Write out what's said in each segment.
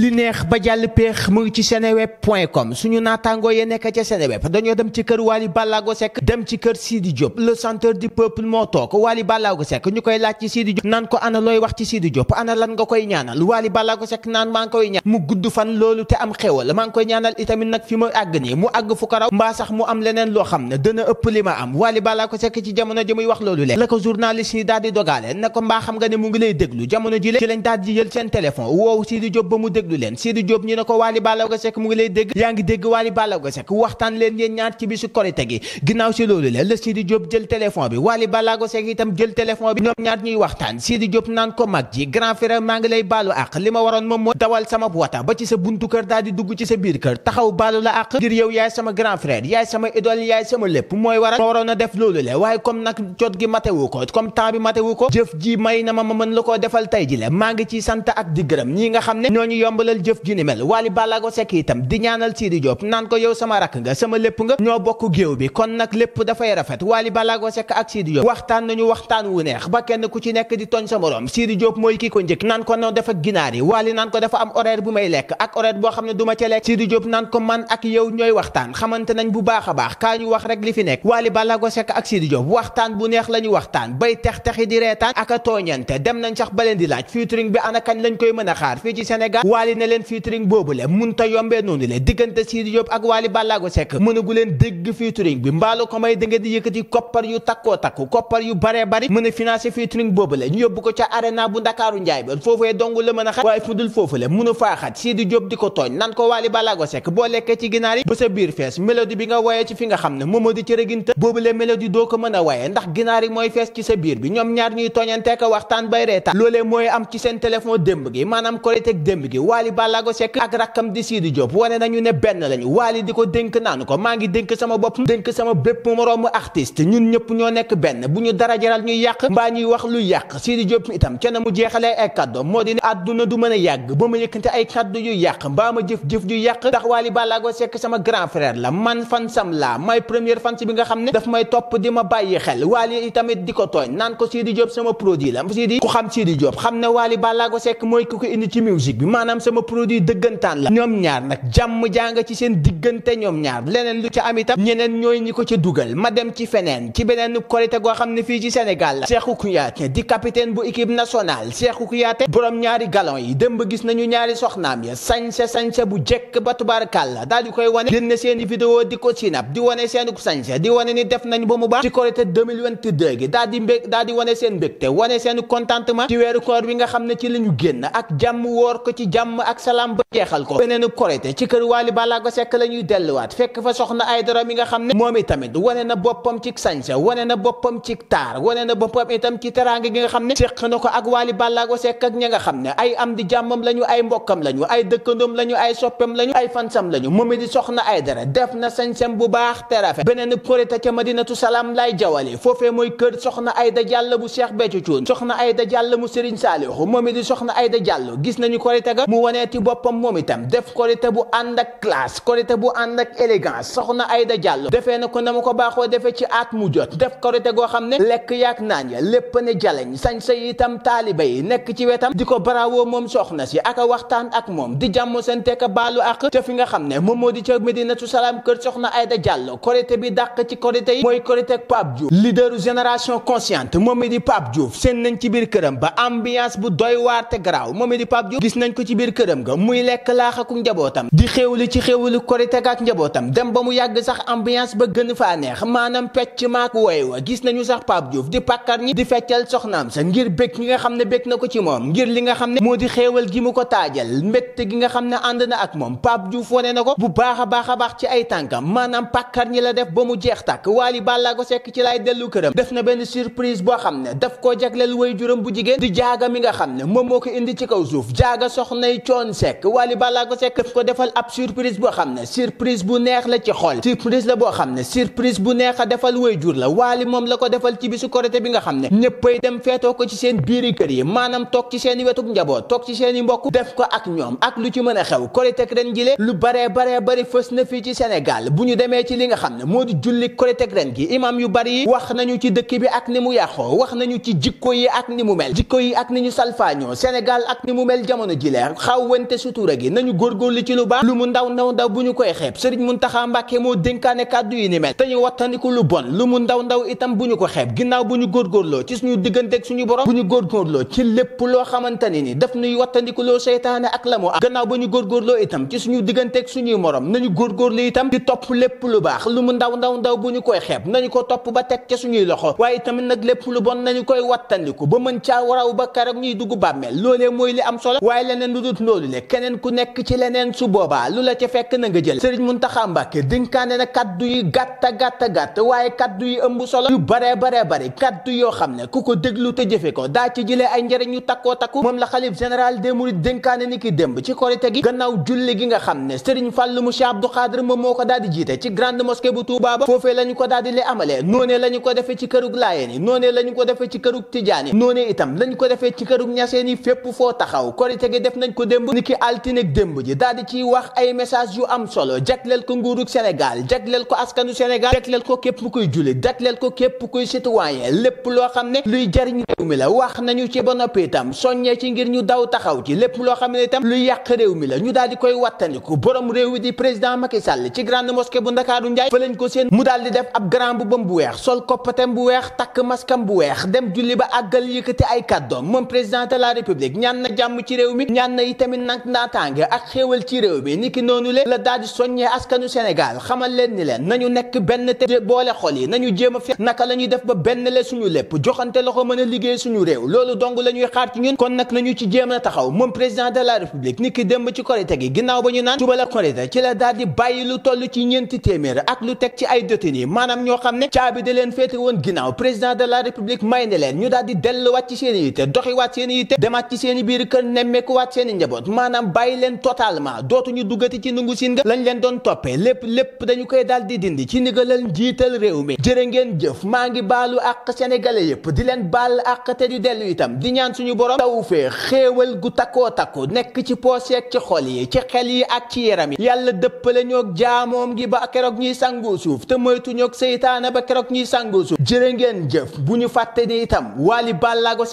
li neex ba jàll peex mu ngi ci seneweb point com suñu naataangoo yee nekk ca seneweb dañoo dem ci kër Wally Ballago sekk dem ci kër Sidi Diop le centre di peuple moo toog Wally Ballago sekk ñu koy laaj ci Sidi Diop naan ko ana looy wax ci Sidi Diop ana lan nga koy ñaanal Wally Ballago sekk naan maa ngi koy ñaan mu gudd fan loolu te am xewal maa ngi koy ñaanal itamit nag fi ma àgg nii mu àgg fu ko raw mbaa sax mu am leneen loo xam ne dana ëpp li ma am Wally Ballago Seck ci jamono ji muy wax loolu le la ko journaliste yi daal di dogale ne ko xam nga ne mu ngi lay déglu jamono ji le ci lañ daal di jël seen téléphone déglu leen Sidi Diop ñu ne ko Wally Ballago Seck mu ngi lay dégg yaa ngi dégg Wally Ballago Seck waxtaan leen ñaar ci bisu korite gi ginnaaw si loolu la la Sidi Diop jël téléphone bi Wally Ballago Seck itam jël téléphone bi ñoom ñaar ñuy waxtaan Sidi Diop naan ko mag ji grand frère maa ngi lay baalu àq li ma waroon moom moo dawal sama wata ba ci sa buntu kër daal dugg ci sa biir kër taxaw baalu la àq ngir yow yaay sama grand frère yaay sama idole yaay a yombalal jëf ju ni mel Wally Ballago Seck itam di ñaanal Sidi Diop naan ko yow sama rakk nga sama lépp nga ñoo bokk géew bi kon nag lépp dafay rafet Wally Ballago Seck ak Sidi Diop waxtaan wu neex ba kenn ku ci nekk di tooñ sa morom Sidi Diop mooy ko njëkk naan ko noo def ak ginaar yi Wally naan ko dafa am horaire bu may lekk ak horaire boo ne du ma ca lekk Sidi Diop naan ko man ak yow ñooy waxtaan xamante nañ bu baax a baax kaa ñu wax rek li fi nekk Wally Ballago Seck ak Sidi Diop waxtaan bu neex la ñu waxtaan bay tex texi di reetaan ak a tooñante dem nañ sax ba leen di laaj featuring bi ana kañ lañ koy mën a xaar fii ci Sénégal waali ne leen featuring boobu le munta yombee noonu le diggante Sidy Diop ak Waly Ballago Seck mënagu leen dégg featuring bi mbaalu ko may da nga di yëkkati koppar yu takkoo takku koppar yu baree bari mën a financé featuring boobu le ñu yóbbu ko ca arena bu ndakaaru njaay ba a xaj waaye fu dul foofu le di ko tooñ nan ko Waly Ballago Seck boo lekkee ci ginaar yi ba sa biir fees mélodie bi nga woyee ci fi nga xam ne Momadi ci rëginta boobu le mélodie doo ko mën a woyee ndax ginaar mooy fees ci sa biir bi ñoom ñaar ñuy tooñante ko waxtaan bay reetaan loolee mooy am ci seen téléphone démb gi maanaam korite démb Wally Ballago Seck ak rakkam di Sidi Diop wane nañu ne benn lañu Wally di ko dénk naan ko maa ngi dénk sama bopp dénk sama bépp moroomu artiste ñun ñëpp ñoo nekk benn bu ñu dara jaral ñu yàq mbaa ñuy wax lu yàq Sidi Diop itam ca na mu jeexalee ay kàddu moo di ne àdduna du mën a yàgg ba ma yëkkante ay kàddu yu yàq mbaa ma jëf-jëf yu yàq ndax Wally Ballago sekk sama grand frère la man fan sam la may première fan bi nga xam ne daf may topp di ma bàyyi xel Wally itamit di ko tooñ naan ko Sidi Diop sama produit la Sidi ku xam Sidi Diop xam ne Wally Ballago Seck mooy ku ko ci musique maanaam sama produit dëggantaan la ñoom ñaar nag jàmm janga ci seen diggante ñoom ñaar leneen lu ca am itam ñeneen ñooy ñi ko ca dugal ma dem ci feneen ci beneen korite goo xam ne fii ci Sénégal la Cheikhou Kouyaté di capitaine bu équipe nationale Cheikhou Kouyaté borom ñaari galon yi démb gis nañu ñaari soxnaam bu jekk ba tubaarkàlla daal di koy wane génn seeni vidéo di ko sinap di wane seen sañse di wane ni def nañ ba mu baax ci korite 2022 gi daal di wane seen mbégte wane seen contentement ci weeru koor bi nga xam ne ci la génn ak jàmm woor ko ci jàmm jàmm ak salaam ba jeexal ko beneenu korité ci kër Wally Ballago sekk la ñuy delluwaat fekk fa soxna Aydara mi nga xam ne moom itamit wane na boppam ci sañsa wane na boppam ci taar wane na boppam itam ci teraanga gi nga xam ne séq na ko ak Wally Ballago Seck ak ña nga xam ne ay am di jàmmam lañu ay mbokkam lañu ay dëkkandoom lañu ay soppam lañu ay fansam lañu moom it di soxna Aydara def na sañsam bu baax te rafet beneenu korité ca Madinatu Salaam lay jawale foofee mooy kër soxna Ayda Diallo bu Cheikh Béthio Thioune soxna Ayda Diallo mu Serigne Saliou moom it di soxna Ayda Diallo gis nañu korité ga mu waneeti boppam moom itam def korite bu ànd ak classe korite bu ànd ak élégance soxna Aïda Diallo defee na ko na ma ko baaxoo defee ci at mu jot def korite goo xam ne lekk yaak naan ya lépp ne jaleñ sañsa itam taaliba yi nekk ci wetam di ko bravo moom soxna si ak waxtaan ak moom di jàmm seen tekk baalu ak ca fi nga xam ne moom moo di ca Medinatu Salaam kër soxna Aïda Diallo korite bi dàq ci korite yi mooy korite ak Pape Diouf leaderu génération moom it di Pape Diouf nañ ci biir këram ba ambiance biir këram ga muy lekk laax ak njabootam di xéewlu ci xéewlu korite ak njabootam dem ba mu yàgg sax ambiance ba gën fa neex maanaam pecc maak woy wa gis nañu sax Pape Diouf di pàkkar ñi di feccal soxnaam sa ngir bég gi nga xam ne bég na ko ci moom ngir li nga xam ne moo di xéewal gi mu ko taajal mbégte gi nga xam ne ànd na ak moom Pape Diouf wane na ko bu baax a baax a baax ci ay tànkam maanaam pàkkar ñi la def ba mu jeex tàkk Wally Ballago Seck ci lay dellu këram def na benn surprise boo xam ne daf koo jagleel way juróom bu jigéen di jaaga mi nga xam ne moom moo ko indi ci kaw suuf jaaga soxna nay coon sekk Wally Ballago Seck daf ko defal ab surprise boo xam ne surprise bu neex la ci xol surprise la boo xam ne surprise bu neex a defal way la ci bisu korité bi xam ne ñëppay dem feetoo ko ci seen biiri kër yi maanaam toog ci seen i wetuk njaboot toog ci seen i mbokk def ko ak ñoom ak lu ci mën a xew korité ren jile lu baree baree bari fës na fii ci Sénégal bu ñu demee ci li nga xam ne moo di julli korité ren gi imam yu bari yi wax nañu ci dëkk bi ak ni mu yàqoo wax nañu ci jikko yi yaar xawwante sutura gi nañu góorgóorlu ci lu baax lu mu ndaw ndaw ndaw bu ñu koy xeeb Serigne Mountakha Mbacké moo itam bu ñu ko xeeb ginnaaw bu ñu góor góorloo ci suñu diggante suñu borom bu ñu góorgóorloo ci lépp loo xamante ni ni daf nuy wattandiku seytaane ak la mu am gannaaw bu ñu góorgóorloo itam ci suñu digganteeg suñuy morom nañu góorgóorlu itam di topp lépp lu baax lu mu ndaw ndaw ndaw bu ñu koy xeeb nañu ko topp ba teg ca suñuy loxo waaye tamit nag lépp lu bon nañu koy wattandiku ba mën ca waraw ba keroog ñuy dugg bàmmeel loolee mooy li am solo waaye leneen dut loolu le keneen ku nekk ci leneen su boobaa lu la ca fekk na nga jël Serigne Mountakha Mbacké dénkaane na kaddu yi gàtta gàtta gàtt waaye kaddu yi ëmb solo yu baree baree bari kaddu yoo xam ne ku ko déglu te jëfe ko daa ci jëlee ay njëriñ yu takkoo takku moom la xalif général des mourides dénkaane ni ki démb ci korite gi gannaaw julli gi nga xam ne Serigne mu Moussa Abdou Khadre moom moo ko daal di jiite ci grande mosquée bu Touba ba foofee la ñu ko daal di le amalee noonee la ko defee ci kërug Laayeen yi noonee la ñu ko defee ci kërug Tidiane yi noonee itam la ko defee ci kërug Ñaseen yi fépp foo taxaw nañ ko démb niki altinek démb ji daal di ciy wax ay message yu am solo jagleel ko nguurug Sénégal jagleel ko askanu Sénégal jagleel ko képp kuy jullit jagleel ko képp kuy citoyen lépp loo xam ne luy jariñ réew mi la wax nañu ci ba noppi itam soññee ci ngir ñu daw taxaw ci lépp loo xam ne itam luy yàq réew mi la ñu daal di koy wattandiku borom réew mi di président Macky Sall ci grande mosquée bu Ndakaaru Njaay fa lañ ko seen mu daal di def ab grand bu bam bu weex sol koppatem bu weex takk maskam bu weex dem julli ba àggal yëkkati ay kàddoom moom président la na tamit nag naataange ak xéewal ci réew mi niki noonu le la daal di soññee askanu Sénégal xamal leen ni leen nañu nekk benn te boole xol yi nañu jéem a fi naka la def ba benn le suñu lépp joxante loxo mën a liggéey suñu réew loolu dong la ñuy xaar ci ñun kon nag nañu ci jéem a taxaw moom président de la république niki démb ci korite gi ginnaaw ba ñu naan suba la korite ci la daal di bàyyi lu toll ci ñeenti téeméer ak lu teg ci ay détenus maanaam ñoo xam ne caabi leen féete woon ginnaaw président la république may ne ñu daal di delluwaat ci seen i yitte doxiwaat i yitte demaat ci seen biir kër nemmeekuwaat seeni njaboot maanaam bàyyi leen totalement dootuñu duggati ci nungu siin nga lañ leen doon toppee lépp lépp dañu koy daal di dindi ci ndigalal njiital réew mi jërë ngeen jëf maa ngi baalu ak sénégalais yépp di leen baal ak te di dellu itam di ñaan suñu borom taw fee xéewal gu takkoo takku nekk ci pooseeg ci xol yi ci xel yi ak ci yaram yi yàlla dëppale ñoog jaamoom gi ba keroog ñuy sangoo suuf te moytu ñoog seytaane ba keroog ñuy sangoo suuf jërë ngeen jëf bu ñu fàtte ni itam Wally Ballago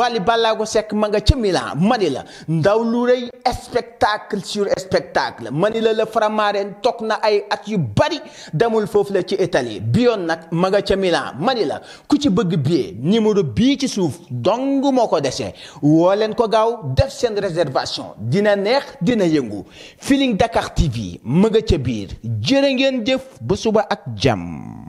Wally Ballago Seck ma nga ca Milan mani la ndaw lu rëy spectacle sur spectacle mani la la Faramareen toog na ay at yu bari demul foofu la ci Italie bi nag ma nga ca Milan mani la ku ci bëgg billet nimero bi ci suuf dong moo ko desee woo leen ko gaaw def seen réservation dina neex dina yëngu Feeling Dakar TV ma nga ca biir jërë ngeen jëf ba suba ak jàmm